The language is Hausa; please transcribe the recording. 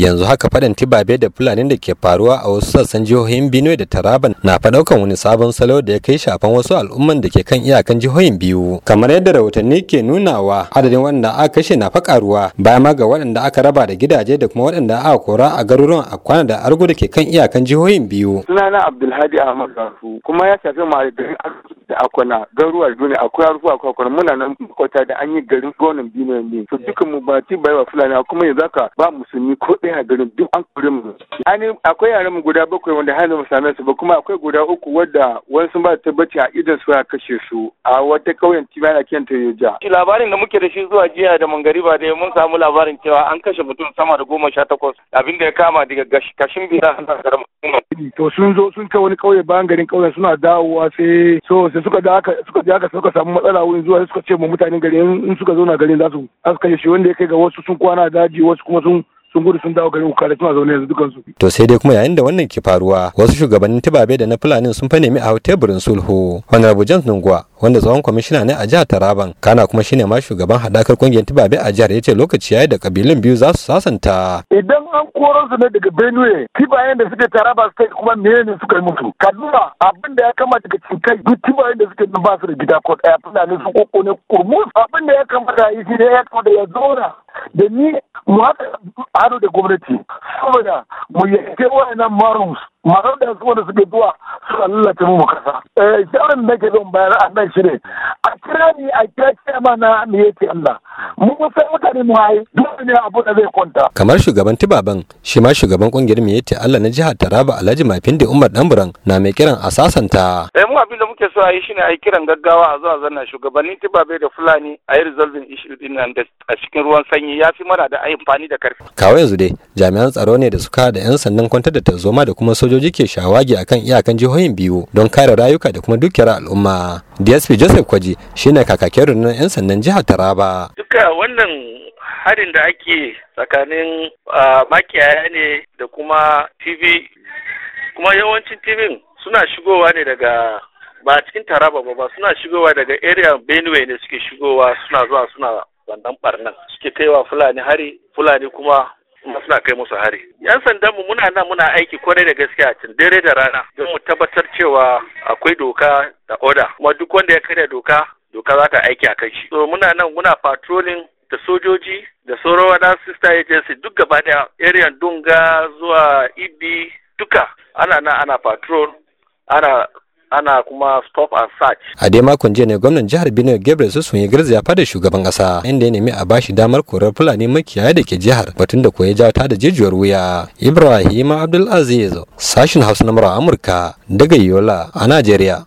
yanzu haka faɗin tibabe da fulani da ke faruwa a wasu sassan jihohin benue da taraba na faɗaukan wani sabon salo da ya kai shafan wasu al'umman da ke kan iyakan jihohin biyu kamar yadda rahotanni ke nunawa adadin waɗanda aka kashe na faƙaruwa bayan ma ga waɗanda aka raba da gidaje da kuma waɗanda aka kora a garuruwan akwana da argo da ke kan iyakan jihohin biyu sunana abdulhadi ahmad rafu kuma ya shafi ma'aikatan da akwana garuwa duniya akwai arfu akwai akwana muna nan kwata da an yi garin gonan benue ne to dukan mu ba tibaye wa fulani kuma yanzu ka ba musulmi ko ɗaya a garin duk an kore mu ani akwai yaran mu guda bakwai wanda har mu same su ba kuma akwai guda uku wadda wasu ba tabbaci a idan su a kashe su a wata kauyen tibana kiyan Yoja. labarin da muke da shi zuwa jiya da mangariba da mun samu labarin cewa an kashe mutum sama da goma sha takwas abin da ya kama daga kashin biyar har garin to sun zo sun kai wani kauye bayan garin kauyen suna dawowa sai so sai suka da aka suka je aka suka samu matsala wurin zuwa suka ce mu mutanen gari in suka zo na garin za su aka kashe shi wanda ya kai ga wasu sun kwana daji wasu kuma sun sun gudu sun dawo garin ukare suna zaune yanzu dukansu. To sai dai kuma yayin da wannan ke faruwa wasu shugabannin tubabe da na Fulani sun fa nemi a teburin sulhu. rabu James Nungwa wanda tsawon kwamishina ne a jihar Taraban kana kuma shine ma shugaban hadakar kungiyar tubabe a jihar ya ce lokaci yayi da kabilun biyu za su sasanta. Idan an koro su ne daga Benue tibayen da suke Taraba kai kuma menene suka yi musu. Kaduna abin da ya kama daga cinkai duk tibayen da suke nan ba su da gida ko daya Fulani sun ne kurmus abin da ya kamata yi shi ne ya kamata ya zauna da ni mu haɗu da gwamnati saboda mu yanke wayannan marus marar da su wanda suke zuwa su lallata mu kasa eh, shawarar da ke zan bayar a nan shi ne a kira ni a kira ma na me yake Allah mu san mutane mu hayi duk ne abu da zai kwanta. Kamar shugaban Tibaban, shi ma shugaban kungiyar Miyetti Allah na jihar Taraba Alhaji da Umar Danburan na mai kiran a sasanta. Eh mu abin da muke so a yi shine a yi kiran gaggawa a zuwa zanna shugabannin Tibabe da Fulani a yi resolving issue din nan da a cikin ruwan sanyi ya fi mana da amfani da karfi. Kawo yanzu dai jami'an tsaro ne da suka da 'yan sandan kwantar da tarzoma da kuma sojoji ke shawagi akan iyakan jihohin biyu don kare rayuka da kuma dukiyar al'umma. DSP Joseph Kwaji shine kakakin rundunar 'yan sandan jihar Taraba. shakka wannan harin da ake tsakanin makiyaya ne da kuma tv kuma yawancin tv suna shigowa ne daga ba cikin taraba ba suna shigowa daga area benue ne suke shigowa suna zuwa suna wannan barnan suke kaiwa fulani hari fulani kuma suna kai musu hari yan sandan mu muna nan muna aiki kwarai da gaskiya tun dare da rana don mu tabbatar cewa akwai doka da oda kuma duk wanda ya karya doka doka za ta aiki a kai shi so muna nan muna patrolling da sojoji da sauran wada sister agency duk gaba da area dunga zuwa ibi duka ana nan ana patrol ana ana kuma stop and search. A dai makon jiya ne gwamnan jihar Benue Gabriel Sassoon ya garzaya fada shugaban kasa inda ya nemi a bashi damar korar Fulani makiyaya da ke jihar batun da koya jawo ta da jejiyar wuya. Ibrahim Abdulaziz sashin Hausa na Amurka daga Yola a Najeriya.